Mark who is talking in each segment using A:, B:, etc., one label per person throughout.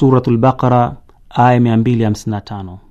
A: Suratul Baqara aya 255.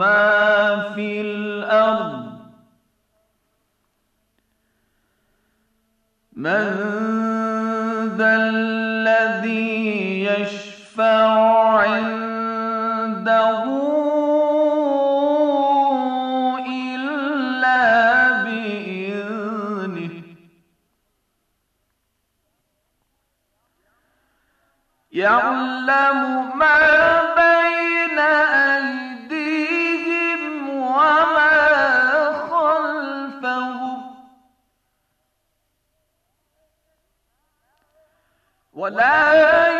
B: ما في الأرض من ذا الذي يشفع عنده إلا بإذنه يعلم ما ولا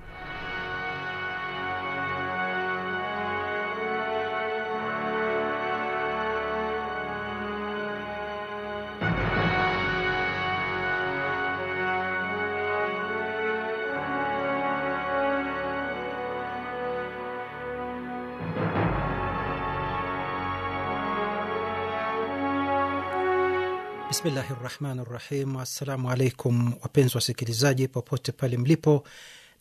C: rahmani rahim. Assalamu alaikum wapenzi wasikilizaji popote pale mlipo,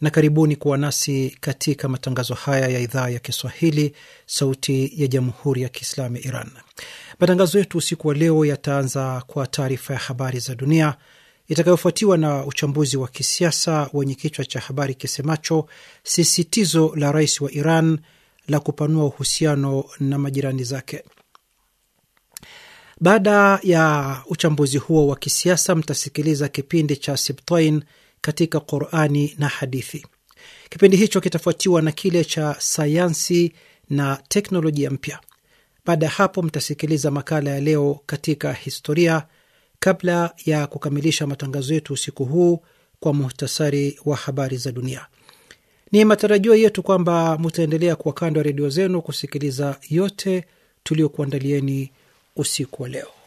C: na karibuni kuwa nasi katika matangazo haya ya idhaa ya Kiswahili sauti ya jamhuri ya kiislamu ya Iran. Matangazo yetu usiku wa leo yataanza kwa taarifa ya habari za dunia itakayofuatiwa na uchambuzi wa kisiasa wenye kichwa cha habari kisemacho sisitizo la rais wa Iran la kupanua uhusiano na majirani zake. Baada ya uchambuzi huo wa kisiasa, mtasikiliza kipindi cha Sibtain katika Qurani na Hadithi. Kipindi hicho kitafuatiwa na kile cha sayansi na teknolojia mpya. Baada ya hapo, mtasikiliza makala ya leo katika historia, kabla ya kukamilisha matangazo yetu usiku huu kwa muhtasari wa habari za dunia. Ni matarajio yetu kwamba mutaendelea kuwa kando ya redio zenu kusikiliza yote tuliokuandalieni o sicoleo.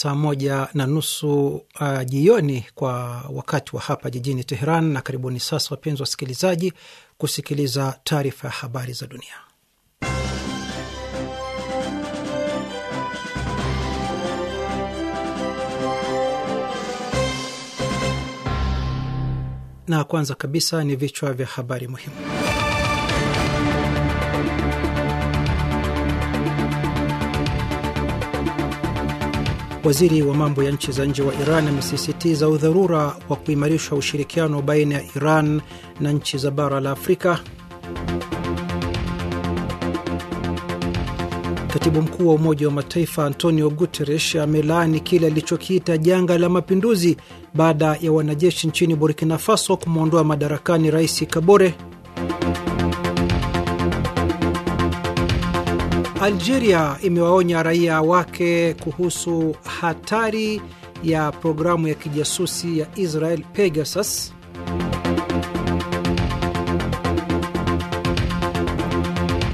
C: saa moja na nusu uh, jioni kwa wakati wa hapa jijini Teheran. Na karibuni sasa, wapenzi wasikilizaji, kusikiliza taarifa ya habari za dunia. Na kwanza kabisa ni vichwa vya habari muhimu. Waziri wa mambo ya nchi za nje wa Iran amesisitiza udharura wa kuimarisha ushirikiano baina ya Iran na nchi za bara la Afrika. Katibu mkuu wa Umoja wa Mataifa Antonio Guterres amelaani kile alichokiita janga la mapinduzi baada ya wanajeshi nchini Burkina Faso kumwondoa madarakani Rais Kabore. Algeria imewaonya raia wake kuhusu hatari ya programu ya kijasusi ya Israel Pegasus.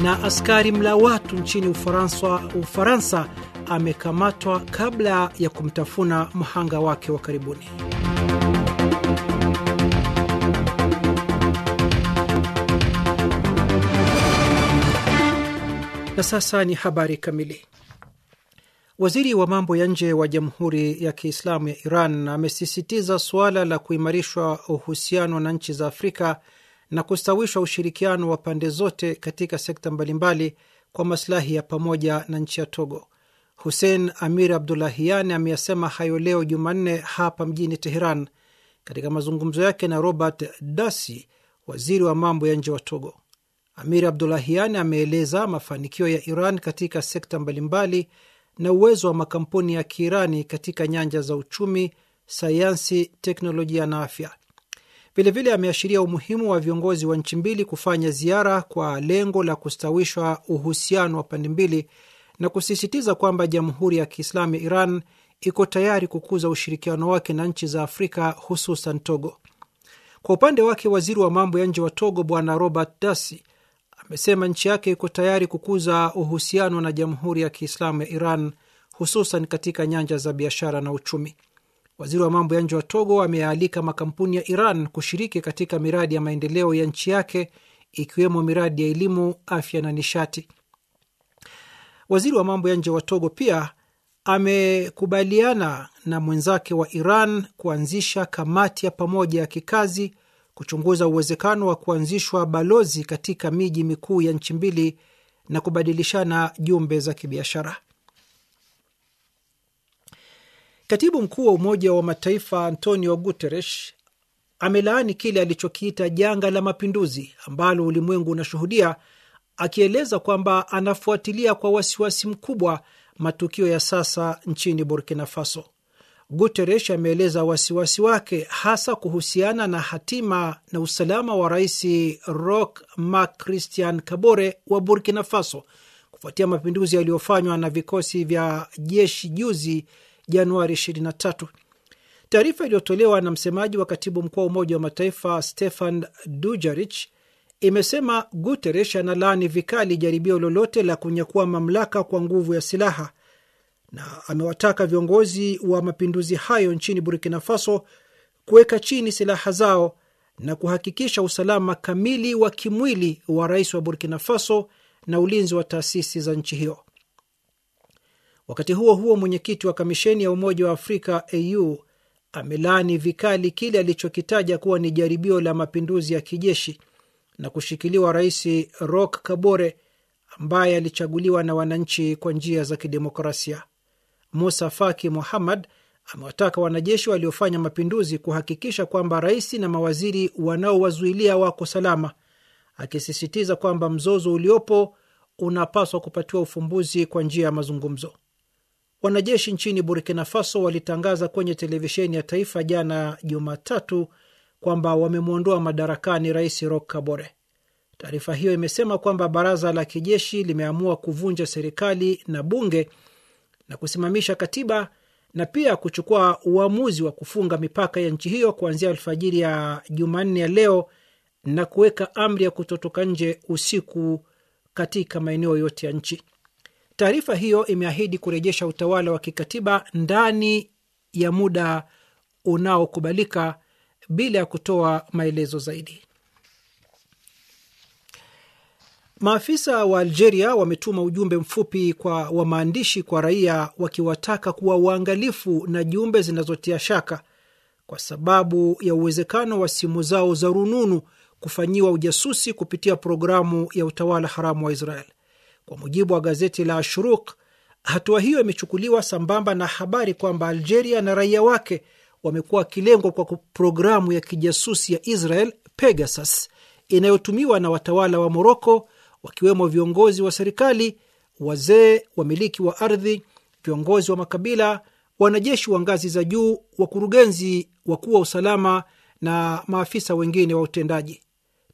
C: Na askari mla watu nchini Ufaransa, Ufaransa amekamatwa kabla ya kumtafuna mhanga wake wa karibuni. Na sasa ni habari kamili. Waziri wa mambo ya nje wa Jamhuri ya Kiislamu ya Iran amesisitiza suala la kuimarishwa uhusiano na nchi za Afrika na kustawishwa ushirikiano wa pande zote katika sekta mbalimbali kwa masilahi ya pamoja na nchi ya Togo. Hussein Amir Abdulahian ameyasema hayo leo Jumanne hapa mjini Teheran katika mazungumzo yake na Robert Dasi, waziri wa mambo ya nje wa Togo. Amir Abdulahian ameeleza mafanikio ya Iran katika sekta mbalimbali na uwezo wa makampuni ya Kiirani katika nyanja za uchumi, sayansi, teknolojia na afya. Vilevile ameashiria umuhimu wa viongozi wa nchi mbili kufanya ziara kwa lengo la kustawisha uhusiano wa pande mbili na kusisitiza kwamba Jamhuri ya Kiislamu ya Iran iko tayari kukuza ushirikiano wake na nchi za Afrika, hususan Togo. Kwa upande wake, waziri wa mambo ya nje wa Togo Bwana Robert Dasi amesema nchi yake iko tayari kukuza uhusiano na Jamhuri ya Kiislamu ya Iran, hususan katika nyanja za biashara na uchumi. Waziri wa mambo ya nje wa Togo ameyaalika makampuni ya Iran kushiriki katika miradi ya maendeleo ya nchi yake ikiwemo miradi ya elimu, afya na nishati. Waziri wa mambo ya nje wa Togo pia amekubaliana na mwenzake wa Iran kuanzisha kamati ya pamoja ya kikazi kuchunguza uwezekano wa kuanzishwa balozi katika miji mikuu ya nchi mbili na kubadilishana jumbe za kibiashara. Katibu mkuu wa Umoja wa Mataifa Antonio Guterres amelaani kile alichokiita janga la mapinduzi ambalo ulimwengu unashuhudia, akieleza kwamba anafuatilia kwa wasiwasi mkubwa matukio ya sasa nchini Burkina Faso. Guterres ameeleza wasiwasi wake hasa kuhusiana na hatima na usalama wa Rais Roch Marc Christian Kabore wa Burkina Faso kufuatia mapinduzi yaliyofanywa na vikosi vya jeshi juzi Januari 23. Taarifa iliyotolewa na msemaji wa katibu mkuu wa Umoja wa Mataifa Stefan Dujarric imesema Guterres analaani vikali jaribio lolote la kunyakua mamlaka kwa nguvu ya silaha na amewataka viongozi wa mapinduzi hayo nchini Burkina Faso kuweka chini silaha zao na kuhakikisha usalama kamili wa kimwili wa rais wa Burkina Faso na ulinzi wa taasisi za nchi hiyo. Wakati huo huo, mwenyekiti wa kamisheni ya Umoja wa Afrika AU amelaani vikali kile alichokitaja kuwa ni jaribio la mapinduzi ya kijeshi na kushikiliwa Rais Roch Kabore ambaye alichaguliwa na wananchi kwa njia za kidemokrasia. Musa Faki Muhammad amewataka wanajeshi waliofanya mapinduzi kuhakikisha kwamba rais na mawaziri wanaowazuilia wako salama, akisisitiza kwamba mzozo uliopo unapaswa kupatiwa ufumbuzi kwa njia ya mazungumzo. Wanajeshi nchini Burkina Faso walitangaza kwenye televisheni ya taifa jana Jumatatu kwamba wamemwondoa madarakani rais Roch Kabore. Taarifa hiyo imesema kwamba baraza la kijeshi limeamua kuvunja serikali na bunge na kusimamisha katiba na pia kuchukua uamuzi wa kufunga mipaka ya nchi hiyo kuanzia alfajiri ya Jumanne ya leo na kuweka amri ya kutotoka nje usiku katika maeneo yote ya nchi. Taarifa hiyo imeahidi kurejesha utawala wa kikatiba ndani ya muda unaokubalika bila ya kutoa maelezo zaidi. Maafisa wa Algeria wametuma ujumbe mfupi kwa wa maandishi kwa raia wakiwataka kuwa waangalifu na jumbe zinazotia shaka kwa sababu ya uwezekano wa simu zao za rununu kufanyiwa ujasusi kupitia programu ya utawala haramu wa Israel. Kwa mujibu wa gazeti la Ashuruk, hatua hiyo imechukuliwa sambamba na habari kwamba Algeria na raia wake wamekuwa wakilengwa kwa programu ya kijasusi ya Israel Pegasus inayotumiwa na watawala wa Moroko, wakiwemo viongozi wa serikali, wazee, wamiliki wa ardhi, viongozi wa makabila, wanajeshi wa ngazi za juu, wakurugenzi wakuu wa usalama na maafisa wengine wa utendaji.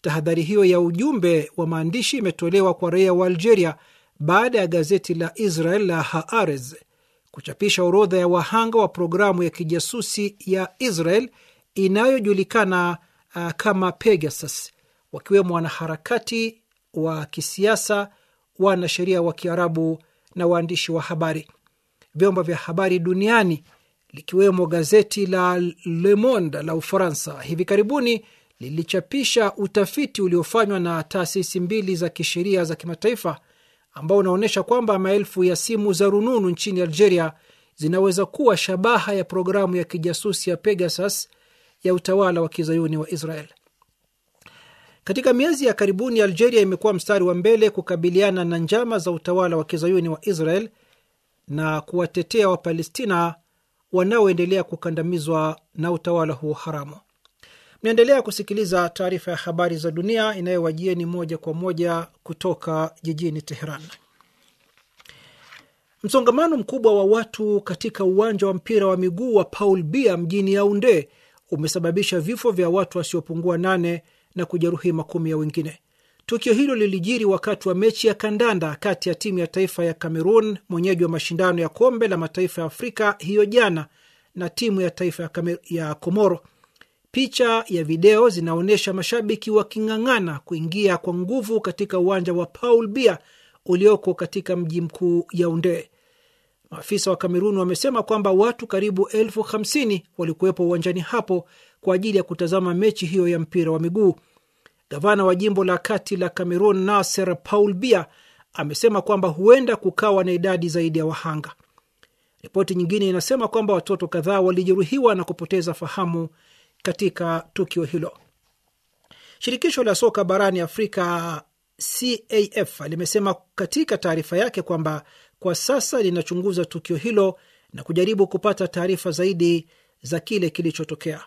C: Tahadhari hiyo ya ujumbe wa maandishi imetolewa kwa raia wa Algeria baada ya gazeti la Israel la Haaretz kuchapisha orodha ya wahanga wa programu ya kijasusi ya Israel inayojulikana uh, kama Pegasus, wakiwemo wanaharakati wa kisiasa, wanasheria wa Kiarabu na waandishi wa habari. Vyombo vya habari duniani likiwemo gazeti la Le Monde la Ufaransa hivi karibuni lilichapisha utafiti uliofanywa na taasisi mbili za kisheria za kimataifa ambao unaonyesha kwamba maelfu ya simu za rununu nchini Algeria zinaweza kuwa shabaha ya programu ya kijasusi ya Pegasus ya utawala wa kizayuni wa Israel. Katika miezi ya karibuni, Algeria imekuwa mstari wa mbele kukabiliana na njama za utawala wa kizayuni wa Israel na kuwatetea Wapalestina wanaoendelea kukandamizwa na utawala huo haramu. Mnaendelea kusikiliza taarifa ya habari za dunia inayowajieni moja kwa moja kutoka jijini Teheran. Msongamano mkubwa wa watu katika uwanja wa mpira wa miguu wa Paul Bia mjini Yaunde umesababisha vifo vya watu wasiopungua nane na kujeruhi makumi ya wengine. Tukio hilo lilijiri wakati wa mechi ya kandanda kati ya timu ya taifa ya Cameroon, mwenyeji wa mashindano ya kombe la mataifa ya Afrika hiyo jana, na timu ya taifa ya Komoro. Picha ya video zinaonyesha mashabiki waking'ang'ana kuingia kwa nguvu katika uwanja wa Paul Bia ulioko katika mji mkuu Yaunde. Maafisa wa Kamerun wamesema kwamba watu karibu elfu hamsini walikuwepo uwanjani hapo kwa ajili ya kutazama mechi hiyo ya mpira wa miguu. Gavana wa jimbo la kati la Cameroon, Nasser Paul bia amesema kwamba huenda kukawa na idadi zaidi ya wahanga. Ripoti nyingine inasema kwamba watoto kadhaa walijeruhiwa na kupoteza fahamu katika tukio hilo. Shirikisho la soka barani Afrika CAF limesema katika taarifa yake kwamba kwa sasa linachunguza tukio hilo na kujaribu kupata taarifa zaidi za kile kilichotokea.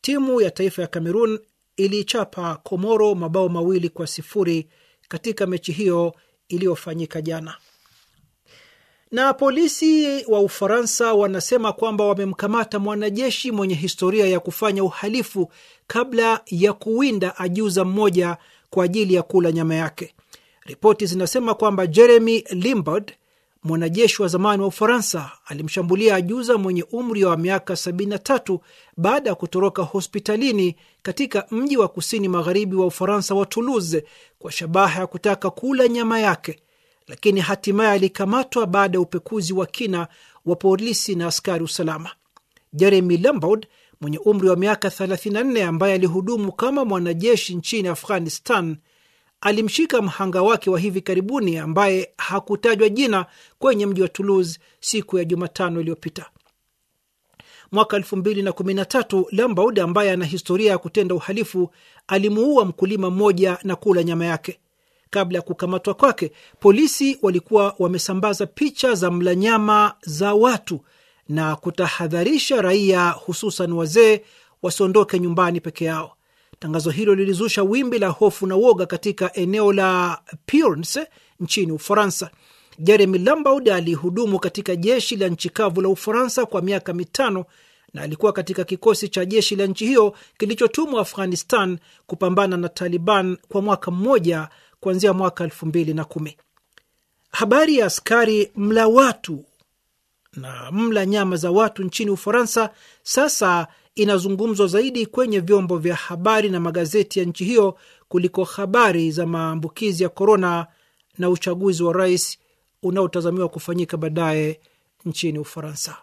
C: Timu ya taifa ya Kamerun iliichapa Komoro mabao mawili kwa sifuri katika mechi hiyo iliyofanyika jana. Na polisi wa Ufaransa wanasema kwamba wamemkamata mwanajeshi mwenye historia ya kufanya uhalifu kabla ya kuwinda ajuza mmoja kwa ajili ya kula nyama yake. Ripoti zinasema kwamba Jeremy Limbard mwanajeshi wa zamani wa Ufaransa alimshambulia ajuza mwenye umri wa miaka 73 baada ya kutoroka hospitalini katika mji wa kusini magharibi wa Ufaransa wa Toulouse kwa shabaha ya kutaka kula nyama yake, lakini hatimaye alikamatwa baada ya upekuzi wa kina wa polisi na askari usalama. Jeremy Lambaud mwenye umri wa miaka 34 ambaye alihudumu kama mwanajeshi nchini Afghanistan alimshika mhanga wake wa hivi karibuni ambaye hakutajwa jina kwenye mji wa Toulouse siku ya Jumatano iliyopita. Mwaka tatu Lambaud ambaye ana historia ya kutenda uhalifu alimuua mkulima mmoja na kula nyama yake. Kabla ya kukamatwa kwake, polisi walikuwa wamesambaza picha za mla nyama za watu na kutahadharisha raia, hususan wazee, wasiondoke nyumbani peke yao. Tangazo hilo lilizusha wimbi la hofu na woga katika eneo la Purines nchini Ufaransa. Jeremy Lambaud alihudumu katika jeshi la nchi kavu la Ufaransa kwa miaka mitano na alikuwa katika kikosi cha jeshi la nchi hiyo kilichotumwa Afghanistan kupambana na Taliban kwa mwaka mmoja kuanzia mwaka elfu mbili na kumi. Habari ya askari mla watu na mla nyama za watu nchini Ufaransa sasa inazungumzwa zaidi kwenye vyombo vya habari na magazeti ya nchi hiyo kuliko habari za maambukizi ya korona na uchaguzi wa rais unaotazamiwa kufanyika baadaye nchini Ufaransa.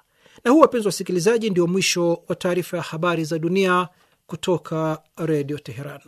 C: Na huu, wapenzi wasikilizaji, ndio mwisho wa taarifa ya habari za dunia kutoka Redio Teheran.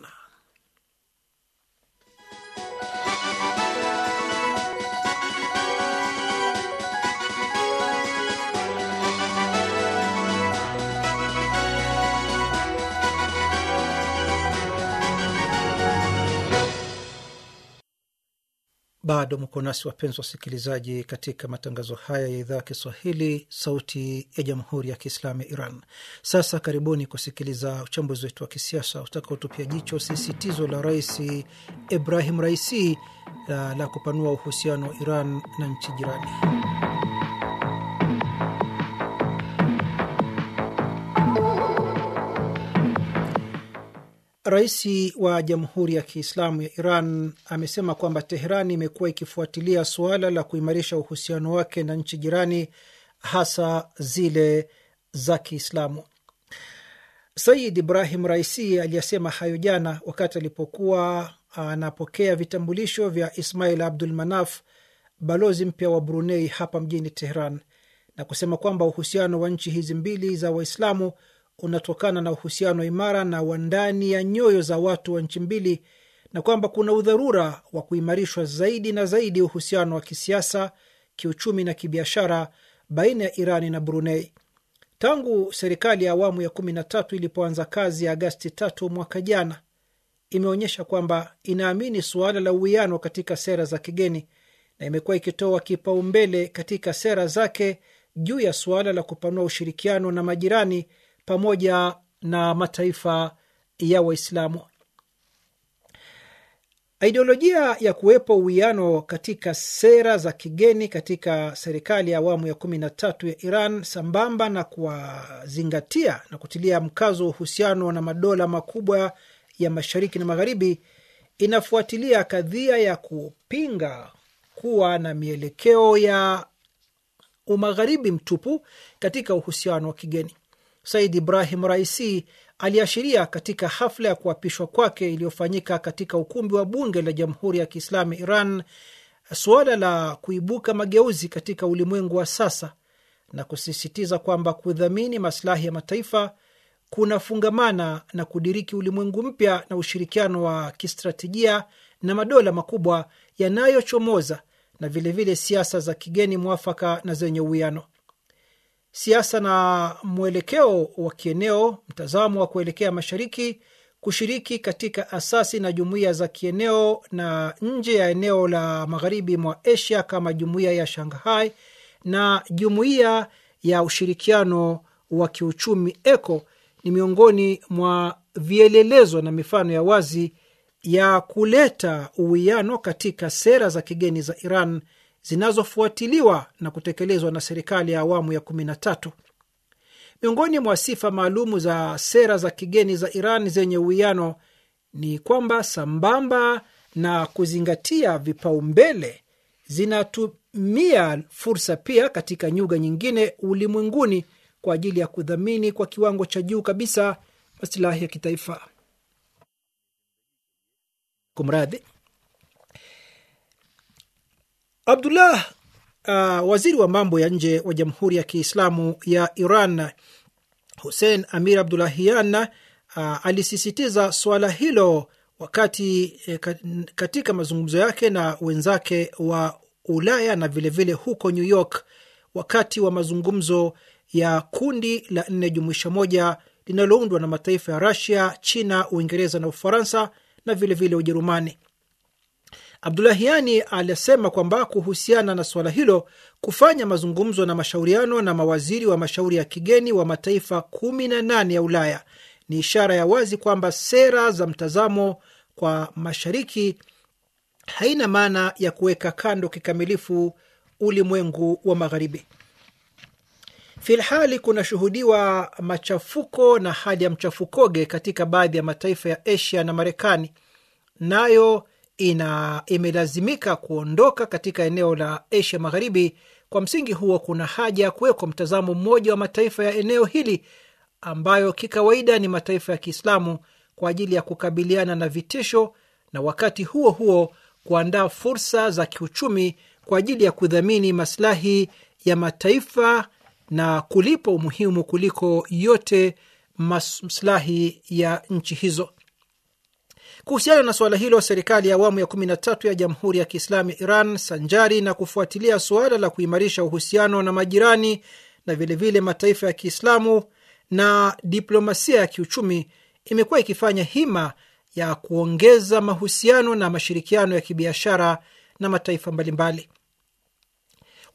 C: Bado mko nasi wapenzi wasikilizaji, katika matangazo haya ya idhaa ya Kiswahili, sauti ya jamhuri ya kiislamu ya Iran. Sasa karibuni kusikiliza uchambuzi wetu wa kisiasa utakaotupia jicho sisitizo la Rais Ibrahim Raisi la, uh, la kupanua uhusiano wa Iran na nchi jirani. Rais wa Jamhuri ya Kiislamu ya Iran amesema kwamba Teherani imekuwa ikifuatilia suala la kuimarisha uhusiano wake na nchi jirani hasa zile za Kiislamu. Said Ibrahim Raisi aliyesema hayo jana wakati alipokuwa anapokea vitambulisho vya Ismail Abdul Manaf, balozi mpya wa Brunei hapa mjini Teheran, na kusema kwamba uhusiano wa nchi hizi mbili za Waislamu unatokana na uhusiano imara na wa ndani ya nyoyo za watu wa nchi mbili na kwamba kuna udharura wa kuimarishwa zaidi na zaidi uhusiano wa kisiasa, kiuchumi na kibiashara baina ya Irani na Brunei. Tangu serikali ya awamu ya kumi na tatu ilipoanza kazi ya Agasti tatu mwaka jana, imeonyesha kwamba inaamini suala la uwiano katika sera za kigeni na imekuwa ikitoa kipaumbele katika sera zake juu ya suala la kupanua ushirikiano na majirani pamoja na mataifa ya Waislamu. Ideolojia ya kuwepo uwiano katika sera za kigeni katika serikali ya awamu ya kumi na tatu ya Iran sambamba na kuwazingatia na kutilia mkazo wa uhusiano na madola makubwa ya mashariki na magharibi inafuatilia kadhia ya kupinga kuwa na mielekeo ya umagharibi mtupu katika uhusiano wa kigeni. Said Ibrahim Raisi aliashiria katika hafla ya kuapishwa kwake iliyofanyika katika ukumbi wa bunge la Jamhuri ya Kiislamu Iran suala la kuibuka mageuzi katika ulimwengu wa sasa na kusisitiza kwamba kudhamini maslahi ya mataifa kunafungamana na kudiriki ulimwengu mpya na ushirikiano wa kistratejia na madola makubwa yanayochomoza na vilevile siasa za kigeni mwafaka na zenye uwiano siasa na mwelekeo wa kieneo, mtazamo wa kuelekea mashariki, kushiriki katika asasi na jumuiya za kieneo na nje ya eneo la magharibi mwa Asia kama jumuiya ya Shanghai na jumuiya ya ushirikiano wa kiuchumi ECO ni miongoni mwa vielelezo na mifano ya wazi ya kuleta uwiano katika sera za kigeni za Iran zinazofuatiliwa na kutekelezwa na serikali ya awamu ya kumi na tatu. Miongoni mwa sifa maalumu za sera za kigeni za Iran zenye uwiano ni kwamba sambamba na kuzingatia vipaumbele, zinatumia fursa pia katika nyuga nyingine ulimwenguni kwa ajili ya kudhamini kwa kiwango cha juu kabisa masilahi ya kitaifa. Kumradhi, Abdullah uh, waziri wa mambo ya nje wa Jamhuri ya Kiislamu ya Iran Hussein Amir Abdulahian uh, alisisitiza suala hilo wakati eh, katika mazungumzo yake na wenzake wa Ulaya na vilevile vile huko New York wakati wa mazungumzo ya kundi la nne jumuisha moja linaloundwa na mataifa ya Rasia, China, Uingereza na Ufaransa na vilevile Ujerumani vile Abdulahiani alisema kwamba kuhusiana na suala hilo kufanya mazungumzo na mashauriano na mawaziri wa mashauri ya kigeni wa mataifa kumi na nane ya Ulaya ni ishara ya wazi kwamba sera za mtazamo kwa mashariki haina maana ya kuweka kando kikamilifu ulimwengu wa magharibi. Filhali kunashuhudiwa machafuko na hali ya mchafukoge katika baadhi ya mataifa ya Asia na Marekani nayo ina imelazimika kuondoka katika eneo la Asia Magharibi. Kwa msingi huo, kuna haja ya kuwekwa mtazamo mmoja wa mataifa ya eneo hili ambayo kikawaida ni mataifa ya Kiislamu kwa ajili ya kukabiliana na vitisho na wakati huo huo kuandaa fursa za kiuchumi kwa ajili ya kudhamini masilahi ya mataifa na kulipa umuhimu kuliko yote maslahi ya nchi hizo. Kuhusiana na suala hilo, serikali ya awamu ya 13 ya Jamhuri ya Kiislamu ya Iran, sanjari na kufuatilia suala la kuimarisha uhusiano na majirani na vilevile vile mataifa ya Kiislamu na diplomasia ya kiuchumi, imekuwa ikifanya hima ya kuongeza mahusiano na mashirikiano ya kibiashara na mataifa mbalimbali.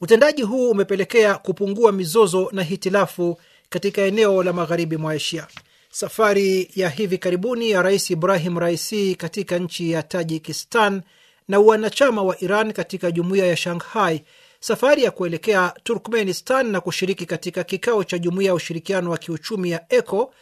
C: Utendaji huu umepelekea kupungua mizozo na hitilafu katika eneo la magharibi mwa Asia. Safari ya hivi karibuni ya Rais Ibrahim Raisi katika nchi ya Tajikistan na wanachama wa Iran katika jumuiya ya Shanghai, safari ya kuelekea Turkmenistan na kushiriki katika kikao cha jumuiya ya ushirikiano wa kiuchumi ya ECO,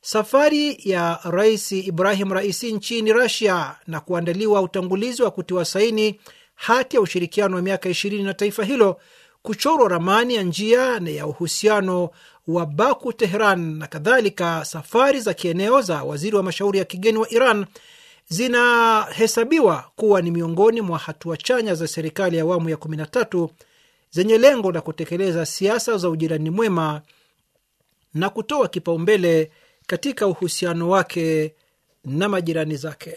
C: safari ya Rais Ibrahim Raisi nchini rasia na kuandaliwa utangulizi wa kutiwa saini hati ya ushirikiano wa miaka ishirini na taifa hilo, kuchorwa ramani ya njia na ya uhusiano wa Baku, Tehran na kadhalika, safari za kieneo za waziri wa mashauri ya kigeni wa Iran zinahesabiwa kuwa ni miongoni mwa hatua chanya za serikali ya awamu ya 13 zenye lengo la kutekeleza siasa za ujirani mwema na kutoa kipaumbele katika uhusiano wake na majirani zake.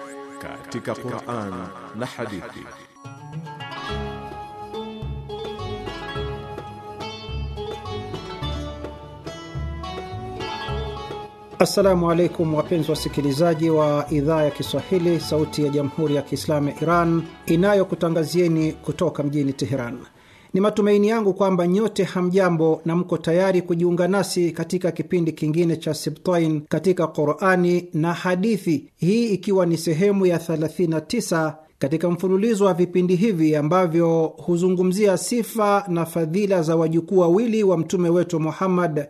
D: katika Qur'an na hadithi.
C: Assalamu alaikum wapenzi wasikilizaji wa idhaa ya Kiswahili, sauti ya jamhuri ya kiislamu ya Iran inayokutangazieni kutoka mjini Teheran. Ni matumaini yangu kwamba nyote hamjambo na mko tayari kujiunga nasi katika kipindi kingine cha Sibtain katika Qurani na hadithi, hii ikiwa ni sehemu ya 39 katika mfululizo wa vipindi hivi ambavyo huzungumzia sifa na fadhila za wajukuu wawili wa mtume wetu Muhammad,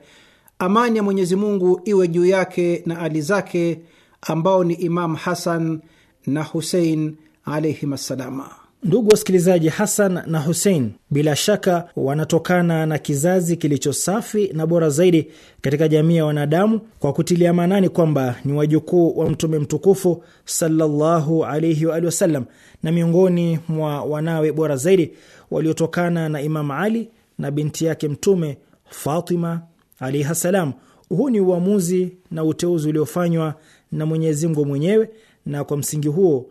C: amani ya Mwenyezi Mungu iwe juu yake na ali zake, ambao ni Imam Hasan na Husein alaihim assalama.
A: Ndugu wasikilizaji, Hasan na Hussein bila shaka wanatokana na kizazi kilicho safi na bora zaidi katika jamii ya wanadamu, kwa kutilia maanani kwamba ni wajukuu wa Mtume mtukufu sallallahu alaihi waalihi wasallam, na miongoni mwa wanawe bora zaidi waliotokana na Imam Ali na binti yake Mtume Fatima alaihi salam. Huu ni uamuzi na uteuzi uliofanywa na Mwenyezi Mungu mwenyewe, na kwa msingi huo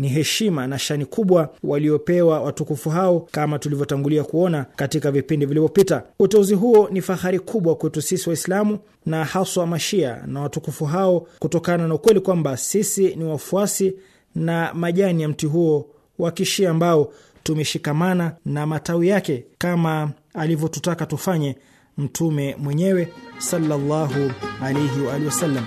A: ni heshima na shani kubwa waliopewa watukufu hao, kama tulivyotangulia kuona katika vipindi vilivyopita. Uteuzi huo ni fahari kubwa kwetu sisi Waislamu na haswa Mashia na watukufu hao, kutokana na ukweli kwamba sisi ni wafuasi na majani ya mti huo wa Kishia ambao tumeshikamana na matawi yake kama alivyotutaka tufanye Mtume mwenyewe sallallahu alaihi wa alihi wasallam.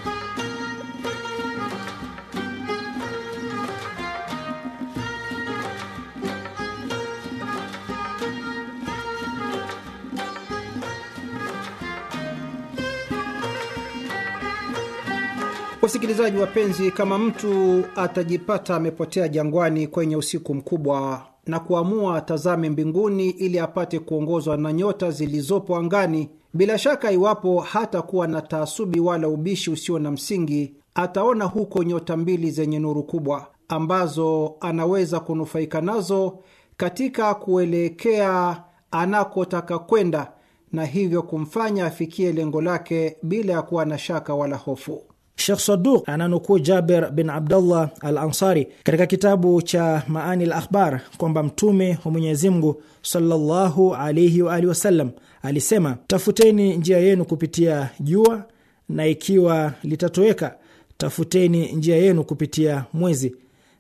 C: Wasikilizaji wapenzi, kama mtu atajipata amepotea jangwani kwenye usiku mkubwa na kuamua atazame mbinguni ili apate kuongozwa na nyota zilizopo angani, bila shaka, iwapo hatakuwa na taasubi wala ubishi usio na msingi, ataona huko nyota mbili zenye nuru kubwa ambazo anaweza kunufaika nazo katika kuelekea anakotaka kwenda na hivyo kumfanya afikie lengo lake bila ya kuwa na shaka wala hofu. Shekh Saduq ananukuu Jaber bin Abdullah al Ansari katika kitabu cha Maani al
A: Akhbar kwamba Mtume wa Mwenyezi Mungu sallallahu alaihi wa alihi wasallam alisema, tafuteni njia yenu kupitia jua, na ikiwa litatoweka, tafuteni njia yenu kupitia mwezi,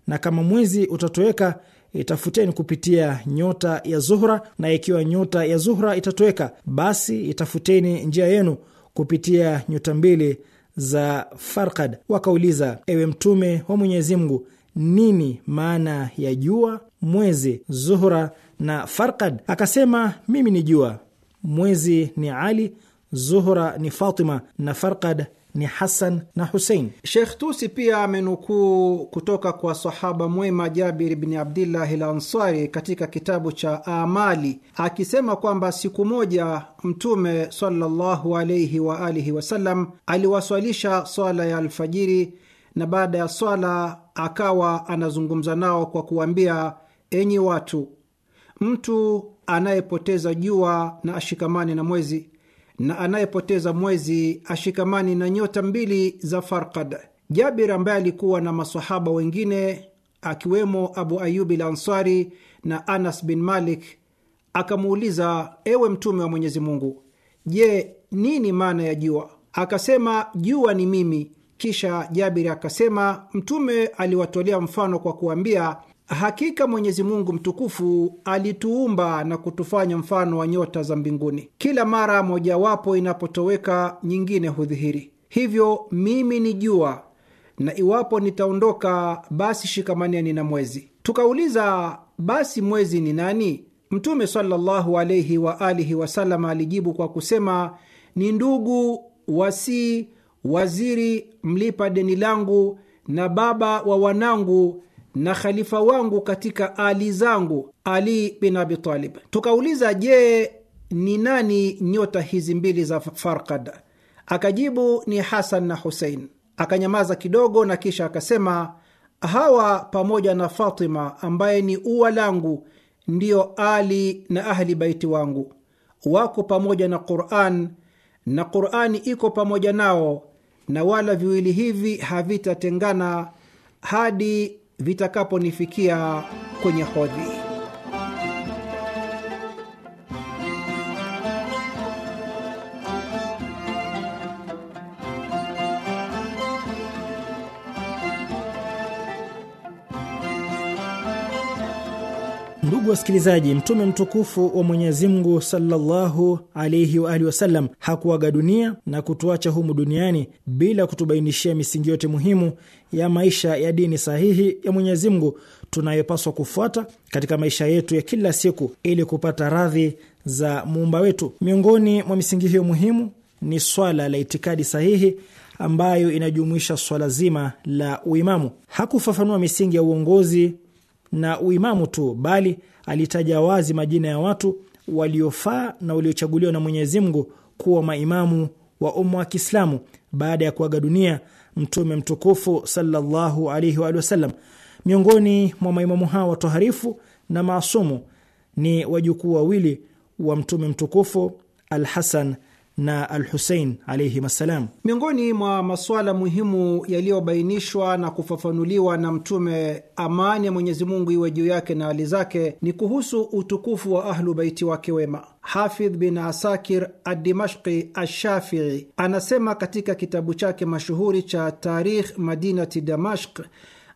A: na kama mwezi utatoweka, itafuteni kupitia nyota ya Zuhra, na ikiwa nyota ya Zuhra itatoweka, basi itafuteni njia yenu kupitia nyota mbili za Farkad wakauliza, ewe Mtume wa Mwenyezi Mungu, nini maana ya jua, mwezi, Zuhura na Farkad? Akasema, mimi ni jua, mwezi ni Ali, Zuhura ni Fatima na Farkad ni Hasan na Husein.
C: Shekh Tusi pia amenukuu kutoka kwa sahaba mwema Jabir bni Abdillahi l Ansari katika kitabu cha Amali akisema kwamba siku moja Mtume sallallahu alaihi waalihi wasallam aliwaswalisha swala ya alfajiri, na baada ya swala akawa anazungumza nao kwa kuwambia enyi watu, mtu anayepoteza jua na ashikamane na mwezi na anayepoteza mwezi ashikamani na nyota mbili za Farkad. Jabir ambaye alikuwa na masahaba wengine akiwemo Abu Ayubi Lansari na Anas bin Malik akamuuliza, ewe Mtume wa Mwenyezi Mungu, je, nini maana ya jua? Akasema, jua ni mimi. Kisha Jabiri akasema, Mtume aliwatolea mfano kwa kuambia Hakika Mwenyezi Mungu mtukufu alituumba na kutufanya mfano wa nyota za mbinguni. Kila mara mojawapo inapotoweka, nyingine hudhihiri. Hivyo mimi ni jua, na iwapo nitaondoka, basi shikamaneni na mwezi. Tukauliza, basi mwezi ni nani? Mtume sallallahu alaihi wa alihi wasallam alijibu kwa kusema, ni ndugu, wasii, waziri, mlipa deni langu na baba wa wanangu na khalifa wangu katika ali zangu, Ali bin Abi Talib. Tukauliza, je, ni nani nyota hizi mbili za Farkad? Akajibu, ni Hasan na Husein. Akanyamaza kidogo na kisha akasema, hawa pamoja na Fatima ambaye ni ua langu ndiyo Ali na ahli baiti wangu, wako pamoja na Quran na Qurani iko pamoja nao, na wala viwili hivi havitatengana hadi vitakaponifikia kwenye hodhi.
A: wasikilizaji, Mtume mtukufu wa Mwenyezi Mungu sallallahu alaihi wa alihi wasallam hakuaga dunia na kutuacha humu duniani bila kutubainishia misingi yote muhimu ya maisha ya dini sahihi ya Mwenyezi Mungu tunayopaswa kufuata katika maisha yetu ya kila siku ili kupata radhi za muumba wetu. Miongoni mwa misingi hiyo muhimu ni swala la itikadi sahihi ambayo inajumuisha swala zima la uimamu. Hakufafanua misingi ya uongozi na uimamu tu, bali alitaja wazi majina ya watu waliofaa na waliochaguliwa na Mwenyezi Mungu kuwa maimamu wa umma wa Kiislamu baada ya kuaga dunia Mtume mtukufu sallallahu alaihi wa sallam. Miongoni mwa maimamu hao watoharifu na maasumu ni wajukuu wawili wa Mtume mtukufu alhasan Hasan na al Husein alaihim assalam.
C: Miongoni mwa masuala muhimu yaliyobainishwa na kufafanuliwa na Mtume, amani ya Mwenyezi Mungu iwe juu yake na hali zake, ni kuhusu utukufu wa Ahlu Baiti wake wema. Hafidh bin Asakir Adimashqi Ashafii anasema katika kitabu chake mashuhuri cha Tarikh Madinati Damashq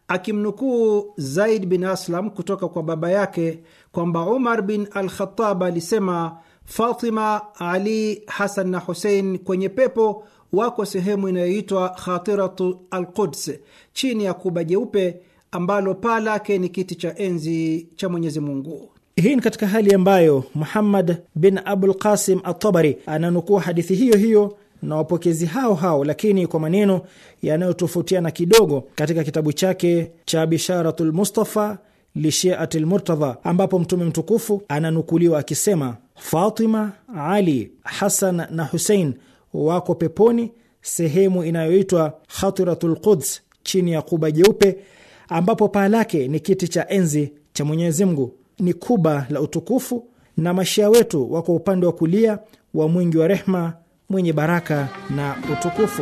C: akimnukuu Zaid bin Aslam kutoka kwa baba yake kwamba Umar bin Alkhatab alisema Fatima, Ali, Hasan na Husein kwenye pepo wako sehemu inayoitwa Khatiratu Alquds chini ya kuba jeupe ambalo paa lake ni kiti cha enzi cha Mwenyezi Mungu. Hii ni katika hali ambayo Muhammad bin Abul Qasim Atabari
A: ananukua hadithi hiyo hiyo na wapokezi hao hao, lakini kwa maneno yanayotofautiana kidogo katika kitabu chake cha bisharatu lmustafa lishiati lmurtadha ambapo mtume mtukufu ananukuliwa akisema, Fatima, Ali, Hasan na Husein wako peponi sehemu inayoitwa Khatiratu lquds chini ya kuba jeupe ambapo paa lake ni kiti cha enzi cha Mwenyezi Mungu, ni kuba la utukufu, na mashia wetu wako upande wa kulia wa mwingi wa rehma mwenye baraka na utukufu.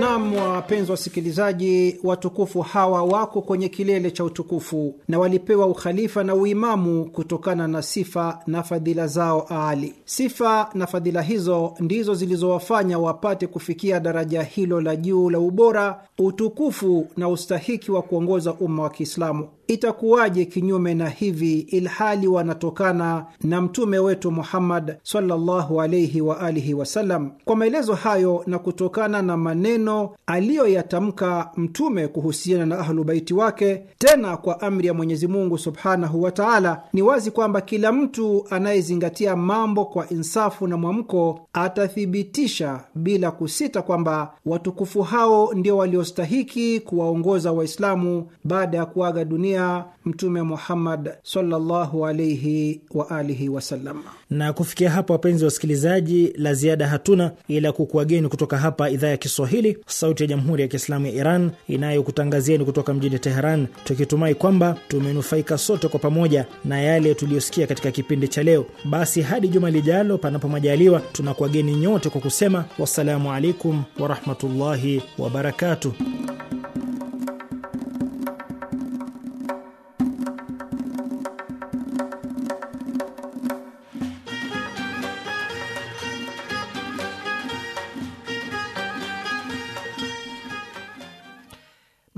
C: Naam, wapenzi wasikilizaji, watukufu hawa wako kwenye kilele cha utukufu na walipewa ukhalifa na uimamu kutokana na sifa na fadhila zao aali. Sifa na fadhila hizo ndizo zilizowafanya wapate kufikia daraja hilo la juu la ubora, utukufu na ustahiki wa kuongoza umma wa Kiislamu. Itakuwaje kinyume na hivi, ilhali wanatokana na mtume wetu Muhammad sallallahu alaihi wa alihi wasallam? Kwa maelezo hayo na kutokana na maneno maneno aliyoyatamka Mtume kuhusiana na Ahlubaiti wake, tena kwa amri ya Mwenyezi Mungu subhanahu wa taala, ni wazi kwamba kila mtu anayezingatia mambo kwa insafu na mwamko atathibitisha bila kusita kwamba watukufu hao ndio waliostahiki kuwaongoza Waislamu baada ya kuaga dunia Mtume Muhammad sallallahu alaihi wa alihi wasallam.
A: Na kufikia hapa, wapenzi wasikilizaji, la ziada hatuna ila kukuageni kutoka hapa idhaa ya Kiswahili, sauti ya jamhuri ya kiislamu ya Iran inayokutangazieni kutoka mjini Teheran, tukitumai kwamba tumenufaika sote kwa pamoja na yale tuliyosikia katika kipindi cha leo. Basi hadi juma lijalo, panapo majaliwa, tunakuwageni nyote kwa kusema wassalamu alaikum warahmatullahi wabarakatuh.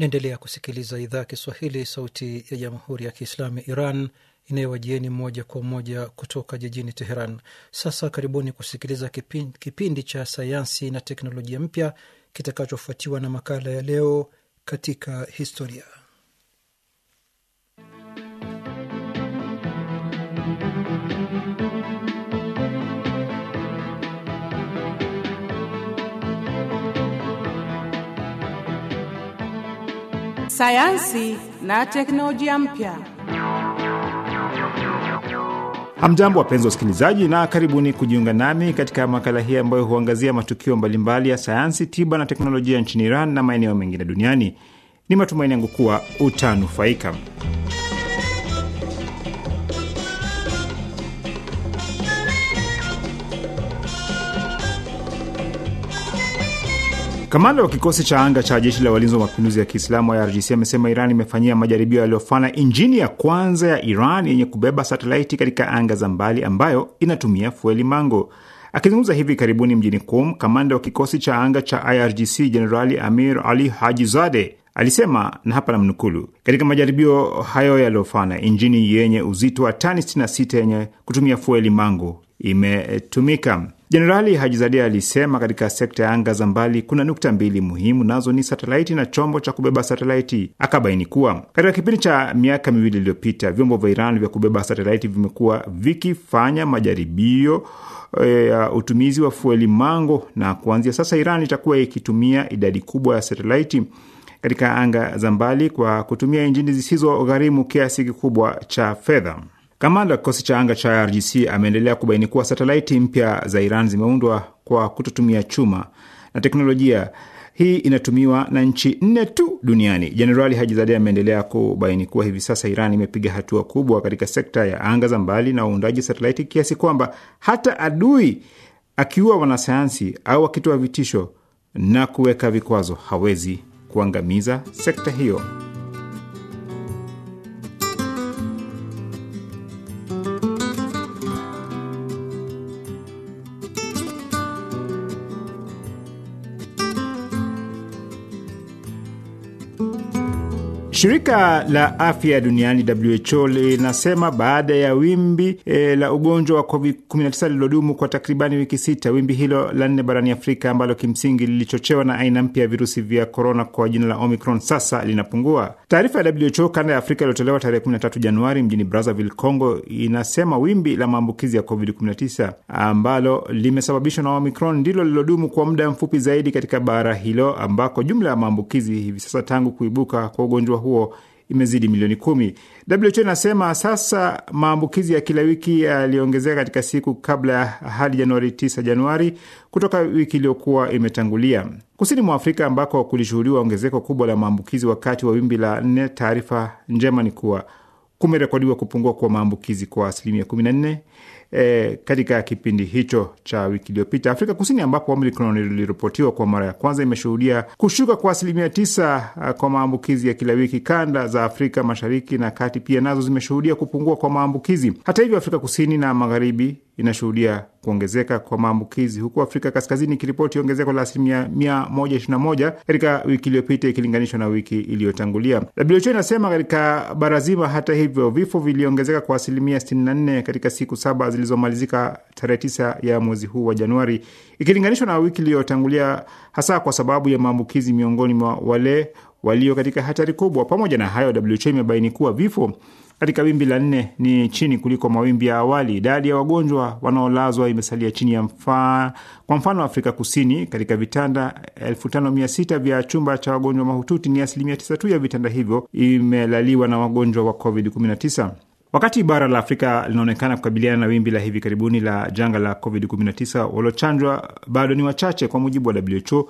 C: Naendelea kusikiliza idhaa ya Kiswahili, sauti ya jamhuri ya kiislamu ya Iran inayowajieni moja kwa moja kutoka jijini Teheran. Sasa karibuni kusikiliza kipindi, kipindi cha sayansi na teknolojia mpya kitakachofuatiwa na makala ya leo katika historia.
E: sayansi na teknolojia mpya.
D: Hamjambo, wapenzi wasikilizaji, na karibuni kujiunga nami katika makala hii ambayo huangazia matukio mbalimbali ya sayansi, tiba na teknolojia nchini Iran na maeneo mengine duniani. Ni matumaini yangu kuwa utanufaika. Kamanda wa kikosi cha anga cha jeshi la walinzi wa mapinduzi ya Kiislamu IRGC amesema Iran imefanyia majaribio yaliyofana injini ya kwanza ya Iran yenye kubeba satelaiti katika anga za mbali ambayo inatumia fueli mango. Akizungumza hivi karibuni mjini Qom, kamanda wa kikosi cha anga cha IRGC Jenerali Amir Ali Hajizade alisema na hapa namnukulu: katika majaribio hayo yaliyofana, injini yenye uzito wa tani 66 yenye kutumia fueli mango imetumika. Jenerali Hajizadia alisema katika sekta ya anga za mbali kuna nukta mbili muhimu, nazo ni satelaiti na chombo cha kubeba satelaiti. Akabaini kuwa katika kipindi cha miaka miwili iliyopita vyombo vya Iran vya kubeba satelaiti vimekuwa vikifanya majaribio eh, ya e, utumizi wa fueli mango, na kuanzia sasa Iran itakuwa ikitumia idadi kubwa ya satelaiti katika anga za mbali kwa kutumia injini zisizo gharimu kiasi kikubwa cha fedha. Kamanda wa kikosi cha anga cha IRGC ameendelea kubaini kuwa satelaiti mpya za Iran zimeundwa kwa kutotumia chuma na teknolojia hii inatumiwa na nchi nne tu duniani. Jenerali Hajizadeh ameendelea kubaini kuwa hivi sasa Iran imepiga hatua kubwa katika sekta ya anga za mbali na uundaji satelaiti kiasi kwamba hata adui akiua wanasayansi au akitoa vitisho na kuweka vikwazo hawezi kuangamiza sekta hiyo. Shirika la afya duniani WHO linasema baada ya wimbi e, la ugonjwa wa COVID-19 lililodumu kwa takribani wiki sita, wimbi hilo la nne barani Afrika ambalo kimsingi lilichochewa na aina mpya ya virusi vya korona kwa jina la Omicron sasa linapungua. Taarifa ya WHO kanda ya Afrika iliyotolewa tarehe 13 Januari mjini Brazzaville, Congo, inasema wimbi la maambukizi ya COVID-19 ambalo limesababishwa na Omicron ndilo lilodumu kwa muda mfupi zaidi katika bara hilo ambako jumla ya maambukizi hivi sasa tangu kuibuka kwa ugonjwa huo huo imezidi milioni kumi. WHO inasema sasa maambukizi ya kila wiki yaliongezeka katika siku kabla ya hadi Januari 9 Januari kutoka wiki iliyokuwa imetangulia. Kusini mwa Afrika ambako kulishuhudiwa ongezeko kubwa la maambukizi wakati wa wimbi la nne, taarifa njema ni kuwa kumerekodiwa kupungua kwa maambukizi kwa asilimia 14 e, katika kipindi hicho cha wiki iliyopita. Afrika Kusini ambapo Omicron iliripotiwa kwa mara ya kwanza imeshuhudia kushuka kwa asilimia tisa ah, kwa maambukizi ya kila wiki. Kanda za Afrika Mashariki na Kati pia nazo zimeshuhudia kupungua kwa maambukizi. Hata hivyo, Afrika Kusini na Magharibi inashuhudia kuongezeka kwa maambukizi huku Afrika Kaskazini ikiripoti ongezeko la asilimia 121 katika wiki iliyopita ikilinganishwa na wiki iliyotangulia. WHO inasema katika bara zima, hata hivyo, vifo viliongezeka kwa asilimia 64 katika siku saba zilizomalizika tarehe 9 ya mwezi huu wa Januari ikilinganishwa na wiki iliyotangulia, hasa kwa sababu ya maambukizi miongoni mwa wale walio katika hatari kubwa. Pamoja na hayo, WHO imebaini kuwa vifo katika wimbi la nne ni chini kuliko mawimbi ya awali. Idadi ya wagonjwa wanaolazwa imesalia chini ya mfa. Kwa mfano, Afrika Kusini, katika vitanda 5600 vya chumba cha wagonjwa mahututi ni asilimia 9 tu ya vitanda hivyo imelaliwa na wagonjwa wa COVID-19. Wakati bara la Afrika linaonekana kukabiliana na wimbi la hivi karibuni la janga la COVID-19, waliochanjwa bado ni wachache, kwa mujibu wa WHO.